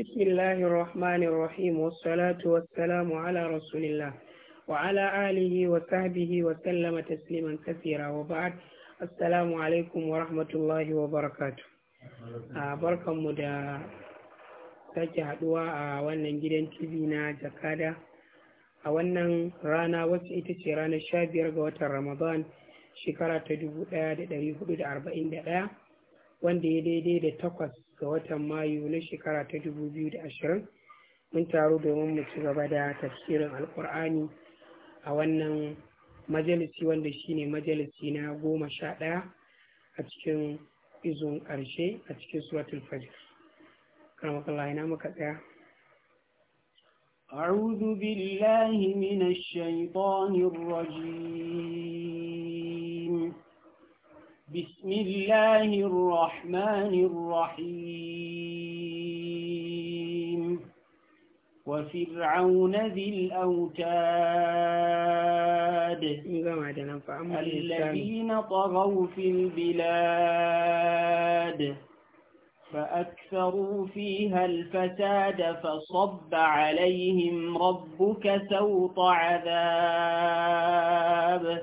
بسم الله الرحمن الرحيم والصلاة والسلام على رسول الله وعلى آله وصحبه وسلم تسليما كثيرا وبعد السلام عليكم ورحمة الله وبركاته بركة مدى sake haduwa a wannan gidan TV na Jakada a wannan rana wacce ita ce ranar sha biyar ga watan Ramadan shekara ta ɗaya? wanda ya daidai da takwas ga watan mayu na shekara ta dubu biyu da ashirin, mun taru domin mu ci gaba da tafsirin alkur'ani a wannan majalisi wanda shine majalisi na goma sha ɗaya a cikin izon ƙarshe a cikin suratul fajr karamakallah ina muka tsaya أعوذ بالله من الشيطان الرجيم بسم الله الرحمن الرحيم وفرعون ذي الأوتاد الذين طغوا في البلاد فأكثروا فيها الفساد فصب عليهم ربك سوط عذاب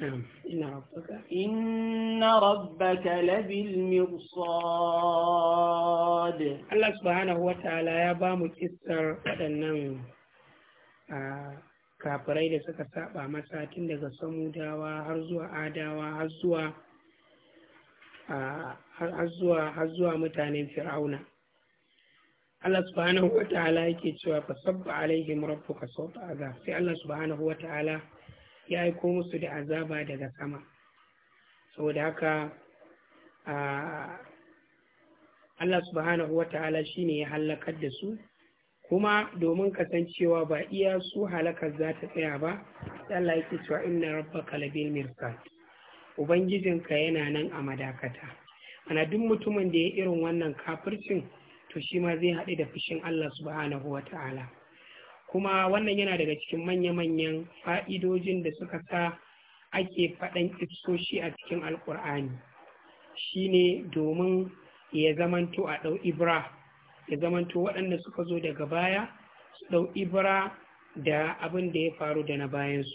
نعم. إن ربك إن ربك لبالمرصاد الله سبحانه وتعالى يا بام كسر waɗannan kafirai da suka saba masa tun daga samudawa har zuwa adawa har zuwa har zuwa har zuwa mutanen fir'auna Allah subhanahu wa ta'ala yake cewa fa sabba alaihim rabbuka sawta azab sai Allah subhanahu wa ta'ala ya aiko musu da azaba daga sama saboda haka Allah subhanahu wa ta'ala shi ne ya halakar da su kuma domin kasancewa ba iya su halakar za ta tsaya ba Allah yake cewa inna rabba kalabil mirsad ubangijinka yana nan a madakata ana duk mutumin da ya irin wannan kafircin to shi ma zai haɗu da fushin Allah subhanahu wa ta'ala kuma wannan yana daga cikin manya-manyan fa'idojin da suka sa ake faɗan iskoshi a cikin shi shine domin ya zamanto a ɗau ibra ya zamanto waɗanda suka zo daga baya su ɗau ibra da abin da ya faru da na bayansu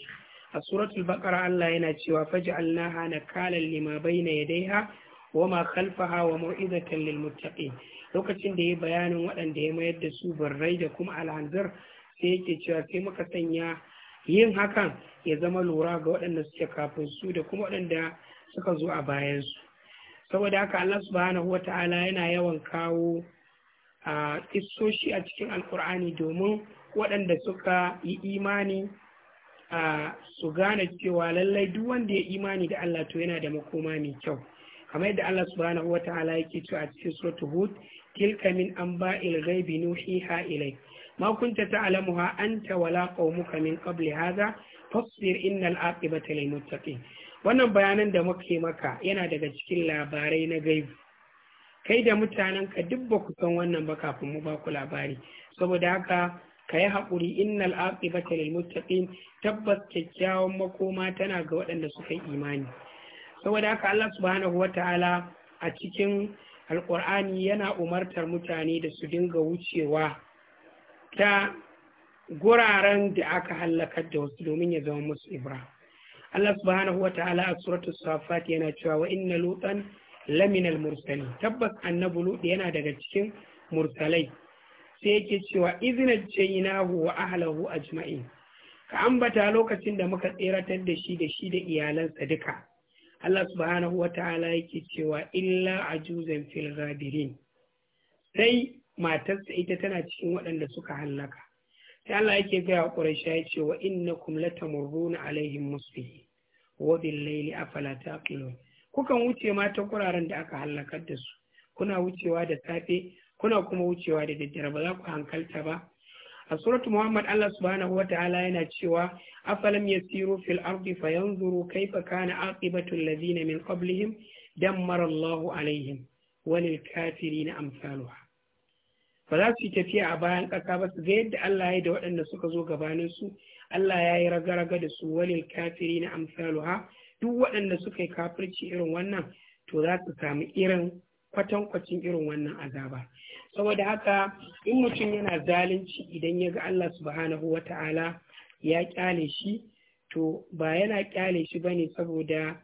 a suratul baƙara Allah yana cewa faji allaha na kalan lima na yadaiha wa ma khalfaha wa mau'izatan lil muttaqin lokacin da ya bayanin waɗanda ya mayar da su barrai da kuma alhanzar sai yake cewa sai muka sanya yin hakan ya zama lura ga waɗanda suke kafin su da kuma waɗanda suka zo a bayansu saboda haka Allah subhanahu wata'ala yana yawan kawo a kissoshi a cikin alkur'ani domin waɗanda suka yi imani a su gane cewa lallai duk wanda ya imani da Allah to yana da makoma mai kyau kamar yadda Allah subhanahu wata'ala yake cewa a cikin suratul hud tilka min anba'il ghaibi nuhiha ilayk ma kunta ta'lamuha anta walaƙa qaumuka min qabli hadha fasbir innal aqibata lil wannan bayanan da muke maka yana daga cikin labarai na gaibu kai da mutanenka duk ba ku san wannan ba kafin mu ba ku labari saboda haka ka yi haƙuri innal aqibata lil muttaqin tabbas kyakkyawan makoma tana ga waɗanda suka yi imani saboda haka Allah subhanahu wata'ala a cikin alƙur'ani yana umartar mutane da su dinga wucewa ta guraren da aka hallakar da wasu domin ya zama musu ibra Allah subhanahu wa ta'ala a suratul safat yana cewa wa inna lutan laminal mursali tabbas annabi lut yana daga cikin mursalai sai yake cewa iznajjaynahu wa a jima'i. ka ambata lokacin da muka tseratar da shi da shi da iyalansa duka Allah subhanahu wa ta'ala yake cewa illa ajuzan fil ghabirin sai matarsa ita tana cikin waɗanda suka hallaka sai Allah yake gaya wa Quraysha ya ce wa innakum latamurruna alaihim musbihi wa bil layli afala taqilun kukan wuce ma ta kuraren da aka hallakar da su kuna wucewa da safe kuna kuma wucewa da daddare ba za ku hankalta ba a suratu muhammad allah subhanahu wa ta'ala yana cewa afalam yasiru fil ardi fayanzuru kaifa kana aqibatu alladhina min qablihim dammara allahu alaihim kafiri na amsaluha ba za su yi tafiya a bayan ƙasa ba su ga yadda Allah ya da waɗanda suka zo gabanin su Allah ya yi raga-raga da su walil kafiri na amsaluha duk waɗanda suka yi kafirci irin wannan to za su sami irin kwatankwacin irin wannan azaba saboda haka in mutum yana zalunci idan ya ga Allah subhanahu wa ta'ala ya kyale shi to ba yana kyale shi bane saboda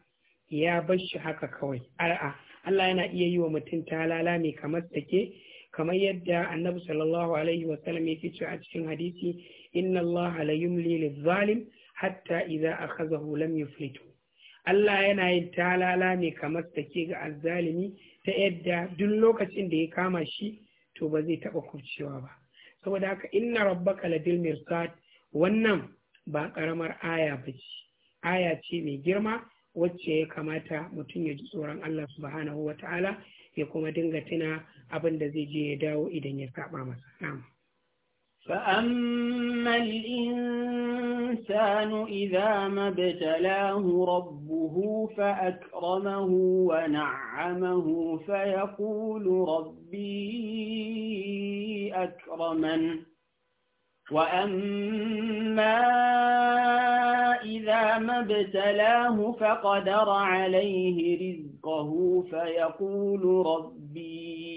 ya bar shi haka kawai a'a Allah yana iya yi wa mutum talala mai kamar take kamar yadda annabi sallallahu alaihi wasallam yake cewa a cikin hadisi inna allaha la yumli zalim, hatta idza akhazahu lam yuflitu Allah yana yin talala ne kamar take ga azzalimi ta yadda duk lokacin da ya kama shi to ba zai taba kurcewa ba saboda haka inna rabbaka ladil mirsad wannan ba karamar aya ba ce aya ce mai girma wacce ya kamata mutum ya ji tsoron Allah subhanahu wa ta'ala ya kuma dinga tuna abin da zai je ya dawo idan ya saba masa na'am فأما الإنسان إذا ما ابتلاه ربه فأكرمه ونعمه فيقول ربي أكرمن وأما إذا ما ابتلاه فقدر عليه رزقه فيقول ربي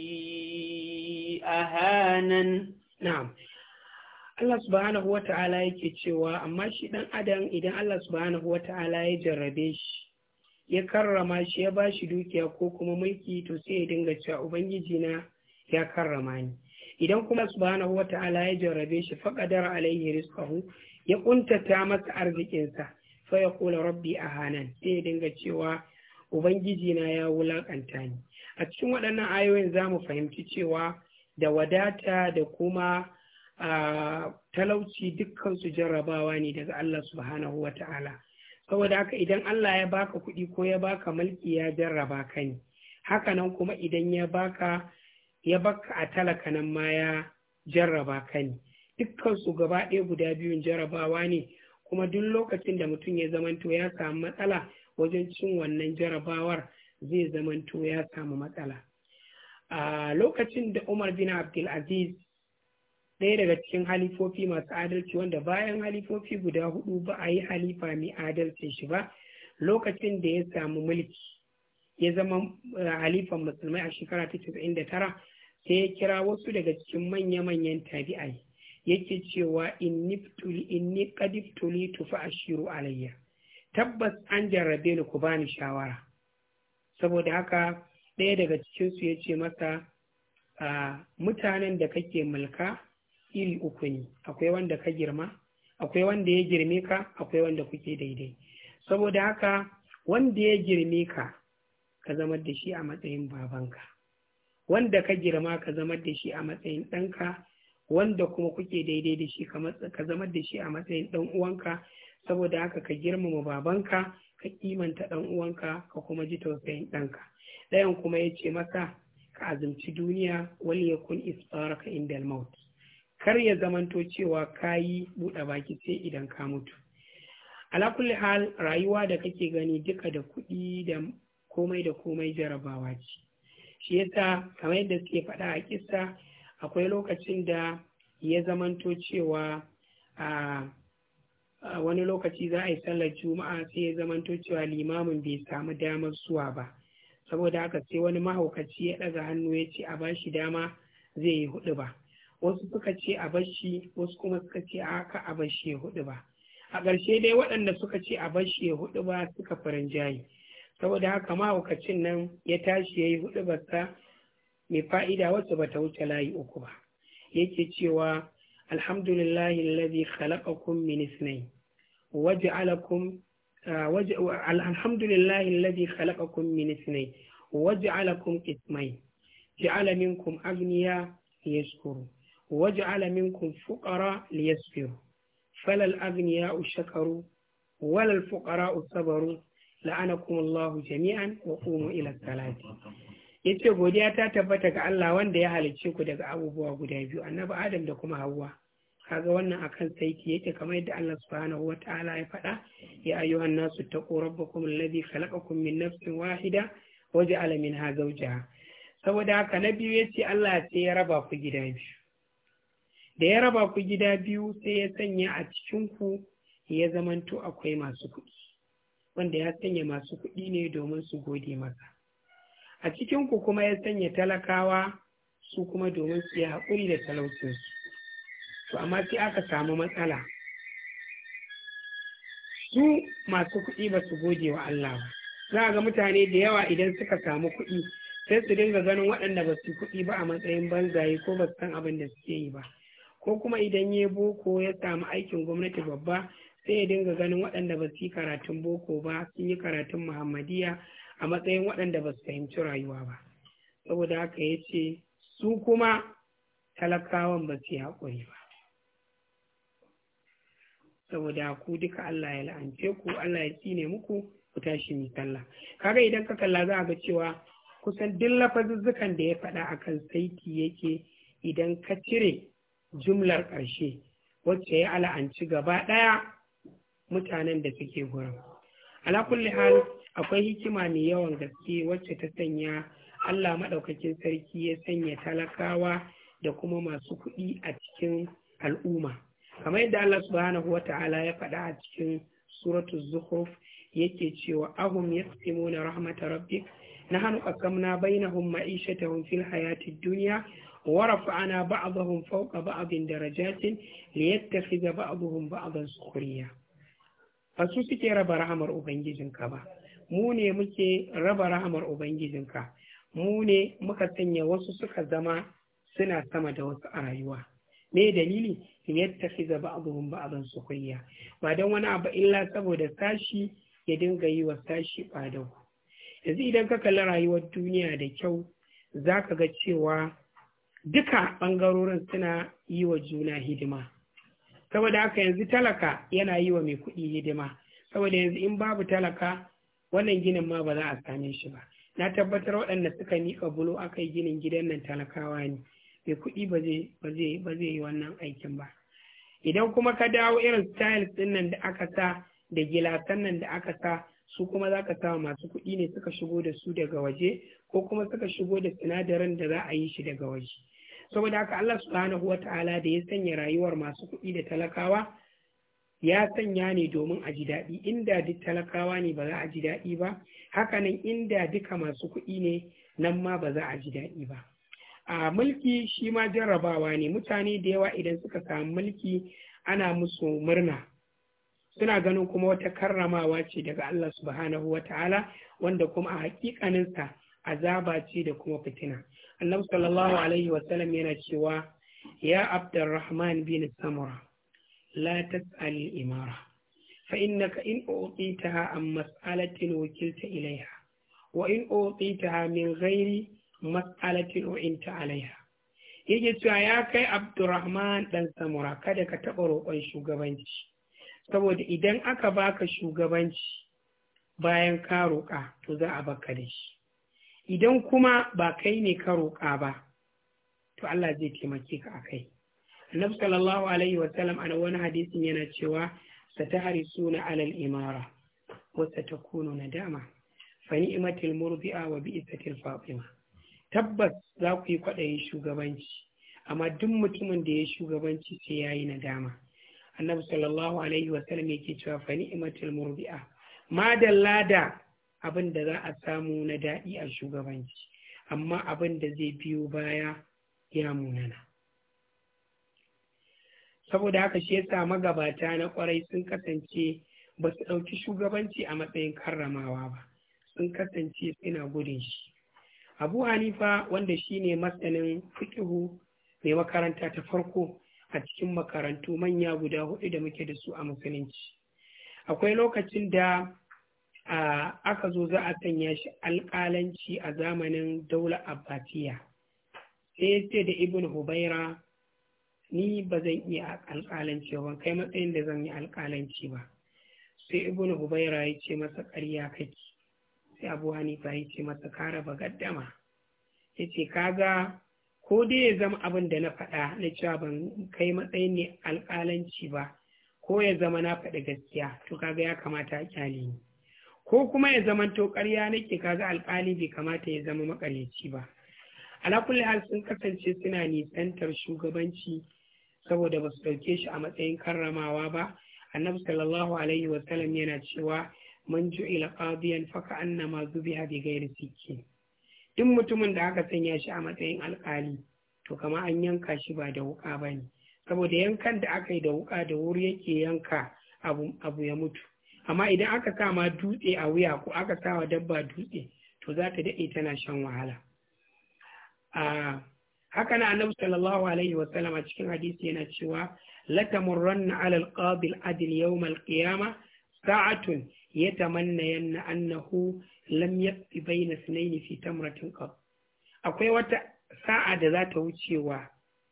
أهانا نعم Allah subhanahu wa ta'ala yake cewa amma shi ɗan adam idan Allah subhanahu wa ta'ala ya jarrabe shi ya karrama shi ya bashi dukiya ko kuma mulki to sai ya dinga cewa ubangiji na ya karrama ni idan kuma subhanahu wa ta'ala ya jarrabe shi faqadar alaihi rizqahu ya kuntata masa arzikinsa fa ya kula rabbi ahanan sai ya dinga cewa ubangiji na ya wulakanta ni a cikin waɗannan ayoyin za mu fahimci cewa da wadata da kuma talauci dukkan su jarrabawa ne daga Allah subhanahu wa ta'ala saboda haka idan Allah ya baka kuɗi ko ya baka mulki ya jarraba ka ne haka nan kuma idan ya baka ya baka a talaka nan ma ya jarraba ka ne dukkan gaba ɗaya guda biyun jarrabawa ne kuma duk lokacin da mutum ya zamanto ya samu matsala wajen cin wannan jarrabawar zai zamanto ya samu matsala a lokacin da umar bin abdulaziz ɗaya daga cikin halifofi masu adalci wanda bayan halifofi guda hudu ba a yi halifa mai adalci shi ba lokacin da ya samu mulki ya zama eh, halifan musulmai a shekara ta tara sai ya kira wasu daga cikin manya-manyan tabi'ai yake cewa inni qadibtuli tufa shiru alayya tabbas an jarrabe ni ku bani shawara saboda haka ɗaya daga cikinsu su yace masa mutanen da kake mulka iri uku ne akwai wanda ka girma akwai wanda ya girme ka akwai wanda kuke daidai saboda haka wanda ya girme ka ka zama da shi a matsayin babanka wanda ka girma ka zama da shi a matsayin ɗanka wanda kuma kuke daidai da shi ka zama da shi a matsayin ɗan uwanka saboda haka ka girmama babanka ka kimanta ɗan uwanka ka kuma ji tausayin ɗanka ɗayan kuma ya ce masa ka azumci duniya wal yakun isfaraka indal maut kar ya zamanto cewa kayi buɗe baki sai idan ka mutu ala kulli hal rayuwa da kake gani duka da kuɗi da komai da komai jarabawa ce shi yasa kamar yadda suke faɗa a kisa akwai lokacin da ya zamanto cewa a wani lokaci za a yi sallar juma'a sai ya zamanto cewa limamin bai samu damar zuwa ba saboda haka sai wani mahaukaci ya ɗaga hannu ya ce a ba shi dama zai yi hudu ba wasu suka ce a bashi wasu kuma suka ce a haka a bashi ya hudu ba a ƙarshe dai waɗanda suka ce a bashi ya hudu ba suka farin jayi saboda haka mahaukacin nan ya tashi ya yi hudu basa mai fa'ida wacce ba ta wuce layi uku ba yake cewa alhamdulillahi lalazi khalaqakum min isnai waj'alakum alhamdulillahi lalazi khalaqakum min isnai waj'alakum qismai ja'ala minkum agniya liyashkuru waj'ala minkum fuqara liyasfiru falal agniya shakaru walal fuqara sabaru la'anakumullahu jami'an wa qumu ila salati yace godiya ta tabbata ga Allah wanda ya halicce ku daga abubuwa guda biyu annabi Adam da kuma Hawwa kaga wannan akan saiti yake kamar yadda Allah subhanahu wataala ya faɗa ya ayyuhan nasu taqu rabbakum alladhi khalaqakum min nafsin wahida wa ja'ala minha zawjaha saboda haka na biyu yace Allah sai ya raba ku gida biyu da ya raba ku gida biyu sai ya sanya a cikin ku ya zamanto akwai masu kuɗi wanda ya sanya masu kuɗi ne domin su gode masa a cikinku kuma ya sanya talakawa su kuma domin su yi haƙuri da talaucinsu to amma sai aka samu matsala su masu kuɗi ba su gode wa Allah ba za ga mutane da yawa idan suka samu kuɗi sai su dinga ganin waɗanda ba su kuɗi ba a matsayin banzaye ko ba su san abin da suke yi ba ko kuma idan ya boko ya samu aikin gwamnati babba sai ya dinga ganin waɗanda ba su yi karatun boko ba sun yi karatun muhammadiya a matsayin waɗanda ba su fahimci rayuwa ba saboda haka ya ce su kuma talakawan ba su yi haƙuri ba saboda ku duka Allah ya la'ance ku Allah ya tsine muku ku tashi mi sallah kaga idan ka kalla za ga cewa kusan duk lafazuzzukan da ya faɗa akan saiti yake idan ka cire jumlar ƙarshe wacce ya ala'anci gaba ɗaya mutanen da suke gurin ala kulli hal akwai hikima mai yawan gaske wacce ta sanya Allah maɗaukakin sarki ya sanya talakawa da kuma masu kuɗi a cikin al'umma kamar yadda Allah subhanahu wa ta'ala ya faɗa a cikin suratul zuhruf yake cewa ahum yaqsimuna rahmata rabbik nahnu aqamna bainahum ma'ishatahum fil hayatid dunya ورفعنا ba'dahum fawqa ba'din darajatin liyattakhidha ba'dahum ba'dan sukhriya. ba su suke raba rahamar ubangijinka ba mu ne muke raba rahamar ubangijinka mu ne muka sanya wasu suka zama suna sama da wasu a rayuwa me dalili yadda fi zaba abubuwan ba ba'azan su kuyya ba don wani abu illa saboda sashi ya dinga yi wa sashi ɓadau yanzu idan ka kalli rayuwar duniya da kyau za ka ga cewa duka ɓangarorin suna yi wa juna hidima saboda haka yanzu talaka yana yi wa mai kuɗi hidima saboda yanzu in babu talaka wannan ginin ma ba za a same shi ba na tabbatar waɗanda suka nika bulo aka yi ginin gidan nan talakawa ne mai kuɗi ba zai yi wannan aikin ba idan kuma ka dawo irin styles ɗin nan da aka sa da gilasan nan da aka sa su kuma za ka sa masu kuɗi ne suka shigo da su daga waje ko kuma suka shigo da sinadarin da za a yi shi daga waje saboda haka Allah subhanahu wa ta'ala da ya sanya rayuwar masu kuɗi da talakawa ya sanya ne domin a ji daɗi inda duk talakawa ne ba za a ji daɗi ba hakanan inda duka masu kuɗi ne nan ma ba za a ji daɗi ba a mulki shi ma jarrabawa ne mutane da yawa idan suka samu mulki ana musu murna suna ganin kuma wata karramawa ce daga Allah subhanahu wa ta'ala wanda kuma a hakikaninsa azaba ce da kuma fitina annabi sallallahu alaihi wasallam yana cewa ya abdurrahman bin samura la tas'al imara fa innaka in utitaha am mas'alatin wukilta ilaiha wa in utitaha min ghairi mas'alatin u'inta alaiha yake cewa ya kai abdurrahman dan samura kada ka taɓa roƙon shugabanci saboda idan aka baka shugabanci bayan ka roƙa to za a baka da shi idan kuma ba kai ne ka roƙa ba to Allah zai taimake ka a kai annabi sallallahu alaihi wa sallam a wani hadisin yana cewa suna alal imara wa satakunu nadama fa ni'matil murbi'a wa bi'satil fatima tabbas za ku yi kwaɗayin shugabanci amma duk mutumin da ya shugabanci sai ya yi nadama annabi sallallahu alaihi wa sallam yake cewa fa ni'matil murbi'a madalla da abin da za a samu na daɗi a shugabanci amma abin da zai biyo baya ya munana saboda haka shi yasa magabata na kwarai sun kasance ba su ɗauki shugabanci a matsayin karramawa ba sun kasance suna gudun shi abu hanifa wanda shine masanin fikihu mai makaranta ta farko a cikin makarantu manya guda hudu da muke da su a musulunci akwai lokacin da a aka zo za a sanya shi alƙalanci a zamanin daula abbasiya sai ce da ibn hubaira ni ba zan iya alƙalanci ba kai matsayin da zan yi alƙalanci ba sai ibn hubaira ya ce masa ƙarya kake sai abu hanifa ya ce masa kara ba gaddama ya ce kaga ko dai ya zama abin da na faɗa na cewa ban kai matsayin ne alƙalanci ba ko ya zama na faɗi gaskiya to kaga ya kamata a kyale ni ko kuma ya zama zamanto ƙarya nake kaga alƙali bai kamata ya zama makaryaci ba ala kulli hal sun kasance suna nisantar shugabanci saboda ba su ɗauke shi a matsayin karramawa ba annabi sallallahu alaihi wa sallam yana cewa man ju'ila qadiyan fa ka'anna ma zubiha bi ghairi sikki duk mutumin da aka sanya shi a matsayin alƙali to kamar an yanka shi ba da wuka bane saboda yankan da aka yi da wuƙa da wuri yake yanka abu ya mutu amma idan aka sa ma dutse a wuya ko aka sa wa dabba dutse to za ta daɗe tana shan wahala a haka na annabi sallallahu alaihi wa sallam a cikin hadisi yana cewa latamurranna alal qabil adil yawmal qiyama sa'atun yanna annahu lam yaqti bayna sunaini fi tamratin qab akwai wata sa'a da za ta wucewa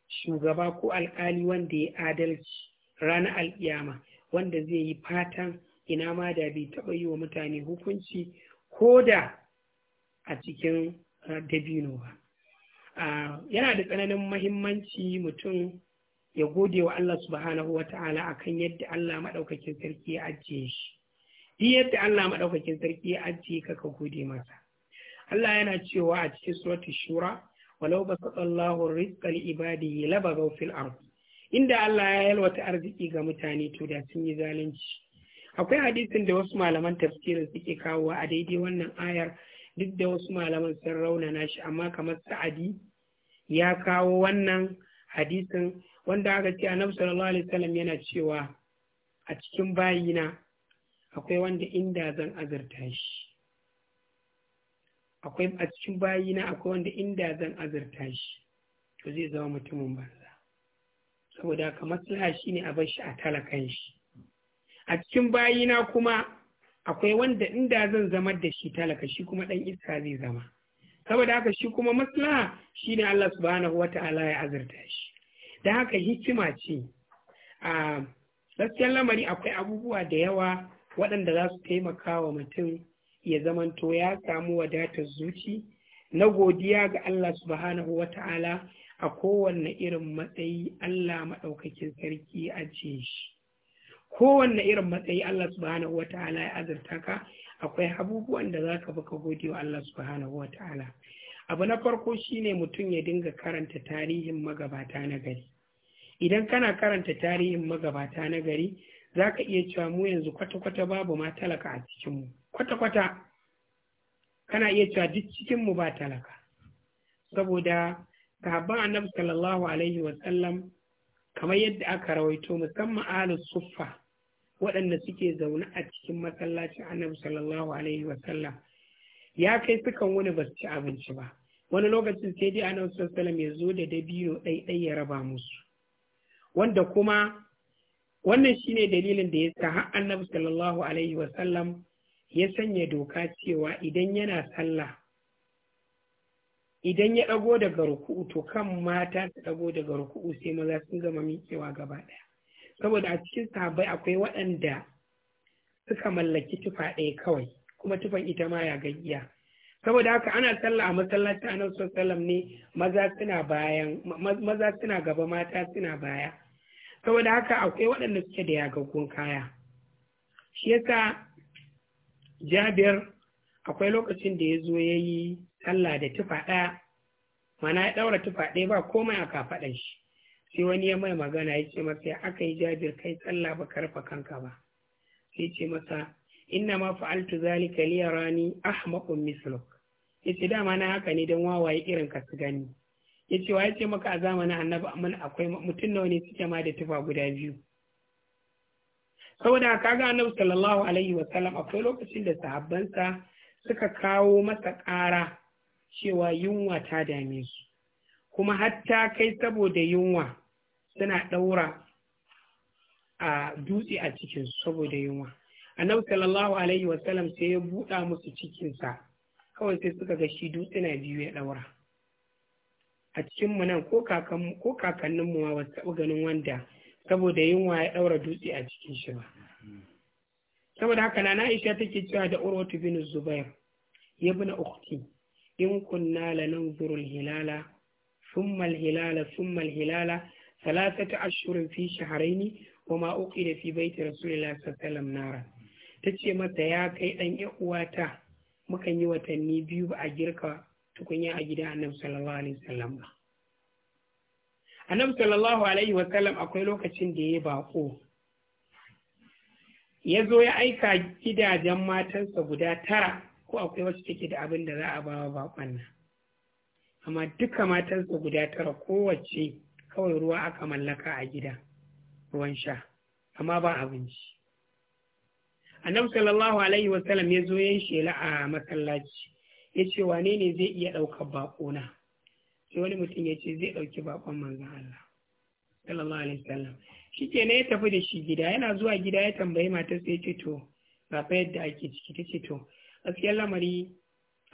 shugaba ko alkali wanda ya adalci ranar alƙiyama wanda zai yi fatan ina ma da bai taɓa yi wa mutane hukunci ko da a cikin dabino ba yana da tsananin mahimmanci mutum ya gode wa Allah subhanahu wa ta'ala akan yadda Allah maɗaukakin sarki ya ajiye shi yi yadda Allah maɗaukakin sarki ya ajiye ka gode masa Allah yana cewa a cikin suratul shura walau ba Allahu rizqa ibadi ya laba fil inda Allah ya yalwata arziki ga mutane to da sun yi zalunci akwai hadisin da wasu malaman tafsirin suke kawowa a daidai wannan ayar duk da wasu malaman sun raunana shi amma kamar sa'adi ya kawo wannan hadisin wanda aka ce annabi sallallahu alaihi wasallam yana cewa a cikin bayina akwai wanda inda zan azurta shi akwai a cikin bayina akwai wanda inda zan azurta shi to zai zama mutumin banza saboda kamar sulha shine a bar shi a talakan shi a cikin bayina kuma akwai wanda inda zan zama da shi talaka shi kuma ɗan iska zai zama saboda haka shi kuma maslaha shi ne Allah subhanahu wata'ala ya azurta shi da haka hikima ce a gaskiyar lamari akwai abubuwa da yawa waɗanda za su taimaka wa mutum ya zamanto ya samu wadatar zuci na godiya ga Allah subhanahu wata'ala a kowanne irin matsayi Allah maɗaukakin sarki ajiye shi kowanne irin matsayi Allah subhanahu wa ta'ala ya azurta ka akwai abubuwan da zaka ka gode wa Allah subhanahu wa ta'ala abu na farko shine mutum ya dinga karanta tarihin magabata na gari idan kana karanta tarihin magabata na gari zaka iya cewa mu yanzu kwata-kwata babu ma talaka a cikinmu kwata-kwata kana iya cewa duk cikinmu ba talaka saboda sahabban annabi sallallahu alaihi wa sallam kamar yadda aka rawaito musamman ahlus suffa waɗanda suke zaune a cikin masallacin annabi sallallahu alaihi wasallam ya kai sukan wani ba su ci abinci ba wani lokacin sai dai annabi sallallahu ya zo da dabino ɗaiɗai ya raba musu wanda kuma wannan shine dalilin da ya sa har annabi sallallahu alaihi wasallam ya sanya doka cewa idan yana sallah idan ya ɗago daga ruku'u to kan mata su ɗago daga ruku'u sai maza sun gama miƙewa gaba ɗaya saboda a cikin sahabbai akwai waɗanda suka mallaki tufa ɗaya kawai kuma tufan ita ma ya gayya saboda haka ana sallah a masallacin annabi sallam ne maza suna bayan maza suna gaba mata suna baya saboda haka akwai waɗanda suke da yagaggun kaya shi yasa jabir akwai lokacin da ya zo ya yi sallah da tufa ɗaya mana ya ɗaura tufa ɗaya ba komai a kafaɗan shi sai wani ya mai magana ya ce masa ya aka yi jabir kai tsalla ba karfa kanka ba sai ce masa ina ma fa'altu zalika li yarani ahmaqun misluk yace dama na haka ne dan wawaye irin ka su gani ce wa ya ce maka a zamanin annabi amma akwai mutum nawa ne suke ma da tufa guda biyu saboda ga annabi sallallahu alaihi wa sallam akwai lokacin da sahabbansa suka kawo masa ƙara cewa yunwa ta dame su kuma hatta kai saboda yunwa suna ɗaura a dutse a cikin saboda yunwa annabi sallallahu alaihi wasallam sai ya buɗa musu cikinsa kawai sai suka ga shi dutse na biyu ya ɗaura a cikin mu nan ko kakannin mu ma ba taɓa ganin wanda saboda yunwa ya ɗaura dutse a cikin shi ba saboda haka na Aisha take cewa da Urwatu bin Zubair yabina ukhti in kunna lananzuru hilala ثم الهلال ثم الهلال ثلاثة أشهر في شهرين وما أقيد في بيت رسول الله صلى الله عليه وسلم نارا تتشي متى يا كي mukan yi watanni biyu ba a girka tukunya a gidan annabi sallallahu alaihi wasallam ba annabi sallallahu alaihi wasallam akwai lokacin da ya baƙo. ya zo ya aika gidajen matansa guda tara ko akwai wasu take da abin da za a ba wa bakon nan amma duka matansa guda tara kowace kawai ruwa aka mallaka a gida ruwan sha amma ba abinci annabi sallallahu alaihi wasallam ya zo ya shela a masallaci ya ce wane ne zai iya ɗaukar baƙona sai wani mutum ya ce zai ɗauki baƙon manzan Allah sallallahu alaihi wasallam shi ke ya tafi da shi gida yana zuwa gida ya tambayi matarsa sai ce to ga fa yadda ake ciki ta ce to lamari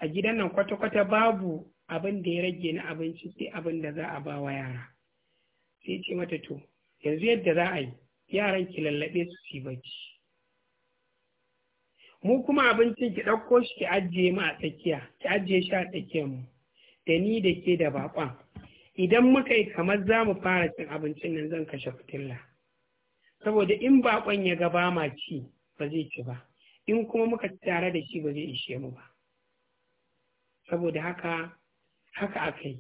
a gidan nan kwata-kwata babu abin da ya rage na abinci sai abin da za a ba wa yara sai ce mata to yanzu yadda za a yi yaran ki lallaɓe su ci bacci mu kuma abincin ki ɗauko shi ki ajiye mu a tsakiya ki ajiye shi a tsakiyar mu da ni da ke da baƙon idan muka yi kamar za mu fara cin abincin nan zan kashe fitilla saboda in baƙon ya ga ba ma ci ba zai ci ba in kuma muka ci tare da shi ba zai ishe mu ba saboda haka haka aka yi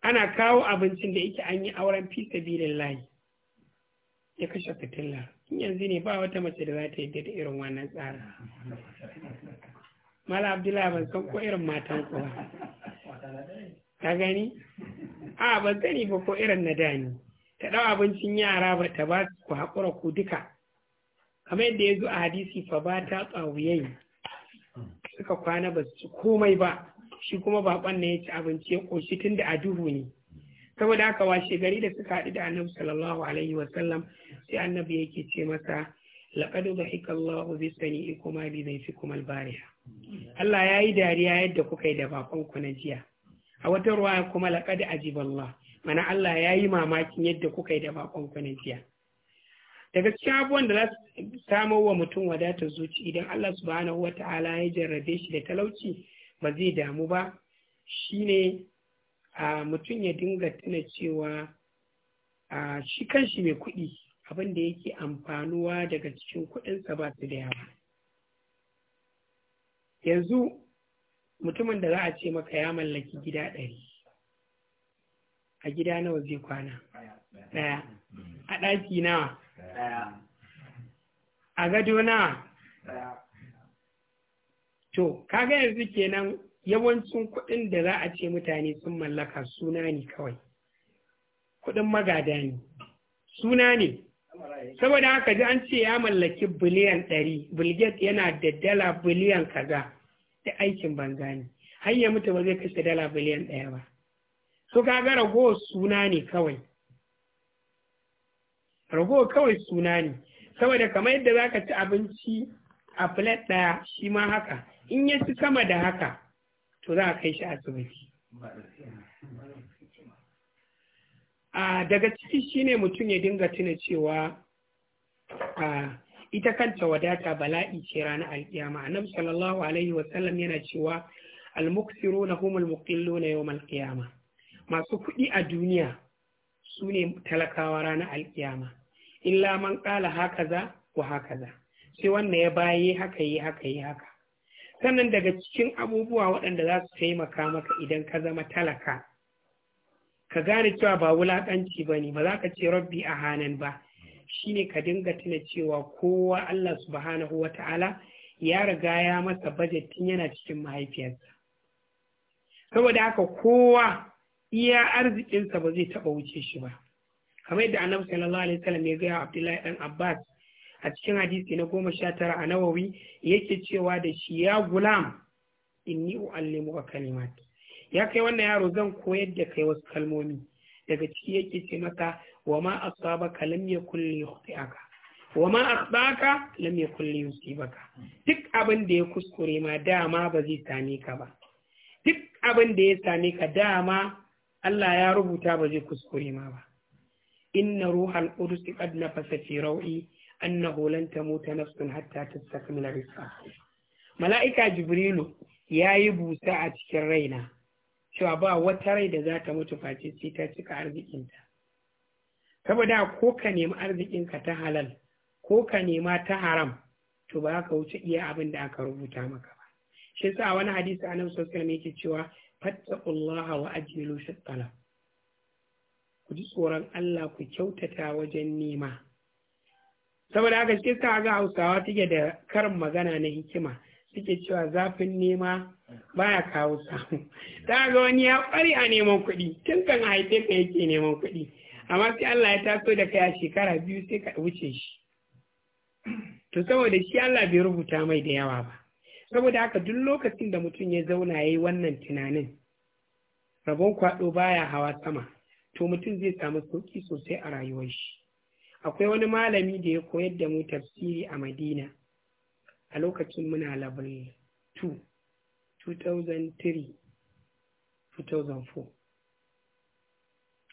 ana kawo abincin da yake an yi auren fi sabilin layi ya kashe fitila in yanzu ne ba wata mace da za ta yi da irin wannan tsara. mala abdullahi ban san ko irin matan ko ba ka gani a ban sani ba ko irin na dani ta ɗau abincin yara ba ta ba ku haƙura ku duka kamar yadda ya zo a hadisi fa ba ta tsawuyayi suka kwana ba su komai ba shi kuma baƙon ne ya ci abinci ya ƙoshi tun da a duhu ne saboda haka washe gari da suka haɗu da annabi sallallahu alaihi wasallam sai annabi yake ce masa laqad dhahika Allahu bi sani'ikum bi dhayfikum al-bariha Allah ya yi dariya yadda kuka yi da bakon ku na jiya a wata ruwaya kuma laqad ajiballah mana Allah ya yi mamakin yadda kuka yi da bakon ku na jiya daga cikin abubuwan da za su samo wa mutum wadatar zuci idan Allah subhanahu ta'ala ya jarrabe shi da talauci ba zai damu ba shine a mutum ya dinga tuna cewa a shi kanshi mai kuɗi abin da yake amfanuwa daga cikin kuɗinsa ba su da yawa yanzu mutumin da za a ce maka ya mallaki gida ɗari a gida nawa zai kwana ɗaya a ɗaki nawa a gado nawa to kaga yanzu kenan yawancin kuɗin da za a ce mutane sun mallaka suna ne kawai kuɗin magada ne suna ne saboda haka ji an ce ya mallaki biliyan ɗari bilget yana da dala biliyan kaza da aikin banza ne Hanyar ya mutu ba zai kashe dala biliyan ɗaya ba so kaga rago suna ne kawai rago kawai suna ne saboda kamar yadda za ka ci abinci a filet ɗaya shi ma haka in ya ci sama da haka to za a kai shi asibiti a daga ciki shine mutum ya dinga tuna cewa a ita kanta wadata bala'i ce rana alkiyama annabi sallallahu alaihi wasallam yana cewa almuksiruna humul muqilluna yawmal qiyama masu kuɗi a duniya su ne talakawa rana alkiyama illa man ƙala hakaza wa hakaza sai wanda ya baye haka yi haka yi haka sannan daga cikin abubuwa waɗanda za su taimaka maka idan ka zama talaka ka gane cewa ba wulaƙanci ba ne ba za ka ce rabbi a hanan ba shine ka dinga tuna cewa kowa Allah subhanahu wa ta'ala ya riga ya masa bajet yana cikin mahaifiyarsa saboda haka kowa iya arzikinsa ba zai taɓa wuce shi ba kamar yadda annabi ya gaya Abdullahi dan Abbas a cikin hadisi na goma sha tara a nawawi yake cewa da shi ya gulam inni uallimuka kalimat ya kai wannan yaro zan koyar da kai wasu kalmomi daga ciki yake ce maka wa ma asabaka lam yakul yukhti'aka wa ma akhtaka lam yakul yusibaka duk abin da ya kuskure ma dama ba zai same ka ba duk abin da ya same ka dama Allah ya rubuta ba zai kuskure ma ba inna ruhal qudus qad nafasa fi rawi annahu lan tamuta nafsun hatta tastakmila rizqaha mala'ika jibrilu yayi busa a cikin raina cewa ba wata rai da za ta mutu face sai ta cika arzikinta saboda ko ka nemi arzikinka ta halal ko ka nema ta haram to ba ka wuce iya abin da aka rubuta maka ba shi sa wani hadisi annabi sallallahu alaihi yake cewa fattaqullaha wa ajiye fi talab ku ji tsoron Allah ku kyautata wajen nema saboda haka shi sa ga hausawa take da karin magana na hikima suke cewa zafin nema baya kawo samu ta ga wani ya ƙware a neman kuɗi tun kan haife ka yake neman kuɗi amma sai Allah ya taso da kai a shekara biyu sai ka wuce shi to saboda shi Allah bai rubuta mai da yawa ba saboda haka duk lokacin da mutum ya zauna ya yi wannan tunanin rabon kwaɗo baya hawa sama to mutum zai samu sauki sosai a rayuwar shi akwai wani malami da ya koyar da mu tafsiri a madina a lokacin muna level 2 2003 2004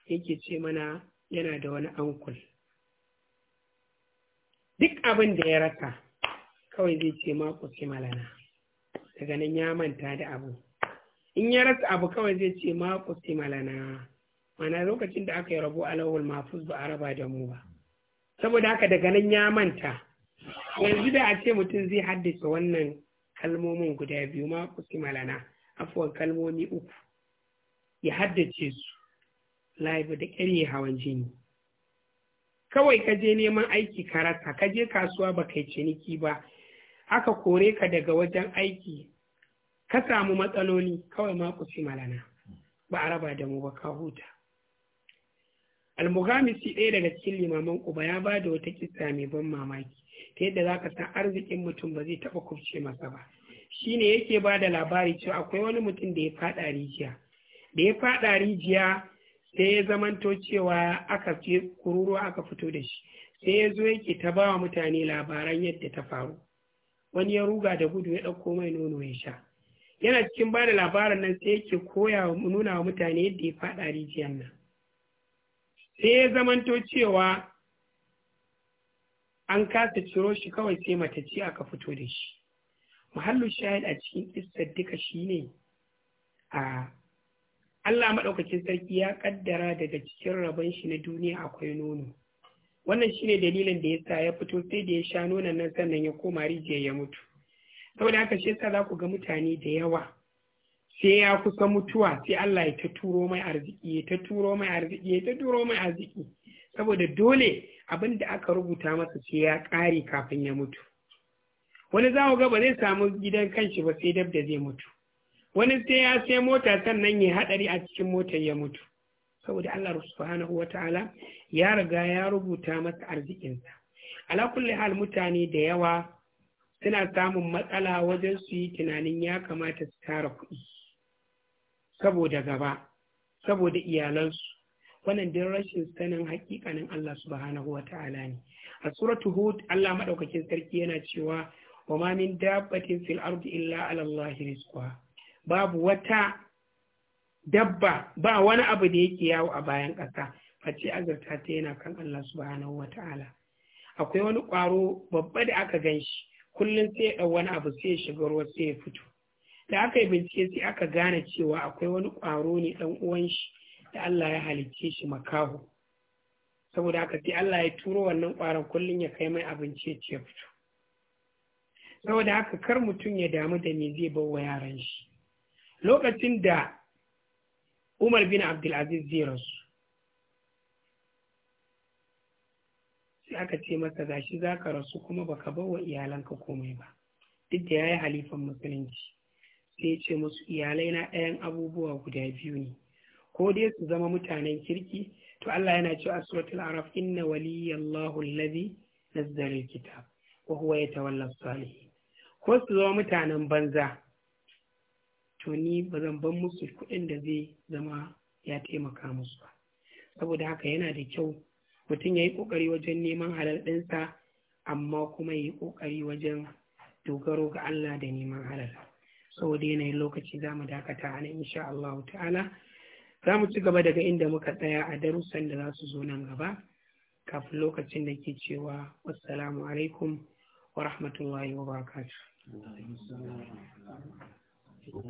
yake ce mana yana da wani ankul duk abin da ya rasa kawai zai ce mako ce malana daga nan ya manta da abu in ya rasa abu kawai zai ce mako ce malana mana lokacin da aka yi rabu alawul mafus ba a raba da mu ba saboda haka daga nan ya manta yanzu da a ce mutum zai haddace wannan kalmomin guda biyu ma kusi malana afuwan kalmomi uku ya haddace su laifu da ƙyar hawan jini kawai ka je neman aiki ka rasa ka je kasuwa ba kai ciniki ba aka kore ka daga wajen aiki ka samu matsaloli kawai ma kusi malana ba a raba da mu ba ka huta almugamisi ɗaya daga cikin limaman uba ya ba da wata kisa mai ban mamaki ta yadda za ka san arzikin mutum ba zai taɓa kufce masa ba Shi shine yake ba da labari cewa akwai wani mutum da ya faɗa rijiya da ya faɗa rijiya sai ya zamanto cewa aka fi kururuwa aka fito da shi sai ya zo yake ta ba wa mutane labaran yadda ta faru wani ya ruga da gudu ya ɗauko mai nono ya sha yana cikin ba da labarin nan sai yake koya nuna wa mutane yadda ya faɗa rijiyar nan sai ya zamanto cewa an kasa ciro shi kawai sai matacci aka fito da shi muhallu shahid a cikin kissar duka shine a Allah maɗaukacin sarki ya ƙaddara daga cikin rabon shi na duniya akwai nono wannan shine dalilin da yasa ya fito sai da ya sha nonon nan sannan ya koma rijiyar ya mutu saboda haka shi yasa za ku ga mutane da yawa sai ya kusa mutuwa sai Allah ya ta turo mai arziki ya ta turo mai arziki ya ta turo mai arziki saboda dole abin da aka rubuta masa sai ya ƙare kafin ya mutu wani za ga ba zai samu gidan kanshi ba sai dab da zai mutu wani sai ya sai mota sannan ya haɗari a cikin motar ya mutu saboda Allah subhanahu wata'ala ya riga ya rubuta masa arzikinsa ala kulli hal mutane da yawa suna samun matsala wajen su yi tunanin ya kamata su tara kuɗi saboda gaba saboda iyalansu wannan din rashin sanin hakikanin Allah subhanahu wa ta'ala ne a suratu hud Allah madaukakin sarki yana cewa wa ma min dabbatin fil ardi illa ala Allah rizquha babu wata dabba ba wani abu da yake yawo a bayan ƙasa face azurta ta yana kan Allah subhanahu wa ta'ala akwai wani ƙwaro babba da aka ganshi kullum sai ya wani abu sai ya shiga ruwa sai ya fito da aka yi bincike sai aka gane cewa akwai wani ƙwaro ne ɗan uwan shi da Allah ya halicce shi makaho saboda haka sai Allah ya turo wannan ƙwaron kullum ya kai mai abinci ya fito saboda haka kar mutum ya damu da me zai bawa yaran shi lokacin da Umar bin Abdulaziz zai rasu sai aka ce masa gashi zaka rasu kuma baka bawa iyalanka komai ba duk da ya yi halifan musulunci sai ce musu iyalai na ɗayan abubuwa guda biyu ne ko dai su zama mutanen kirki to Allah yana ce a suratul araf inna waliyallahu allazi nazzala alkitab wa huwa yatawalla salihin ko su zama mutanen banza to ni ba zan ban musu kuɗin da zai zama ya taimaka musu ba saboda haka yana da kyau mutum ya yi ƙoƙari wajen neman halal ɗinsa amma kuma ya yi ƙoƙari wajen dogaro ga Allah da neman halal saboda yanayin lokaci za mu dakata a nan insha Allah ta'ala za mu ci gaba daga inda muka tsaya a darussan da za su zo nan gaba kafin lokacin da ke cewa wassalamu alaikum wa rahmatullahi wa barakatuh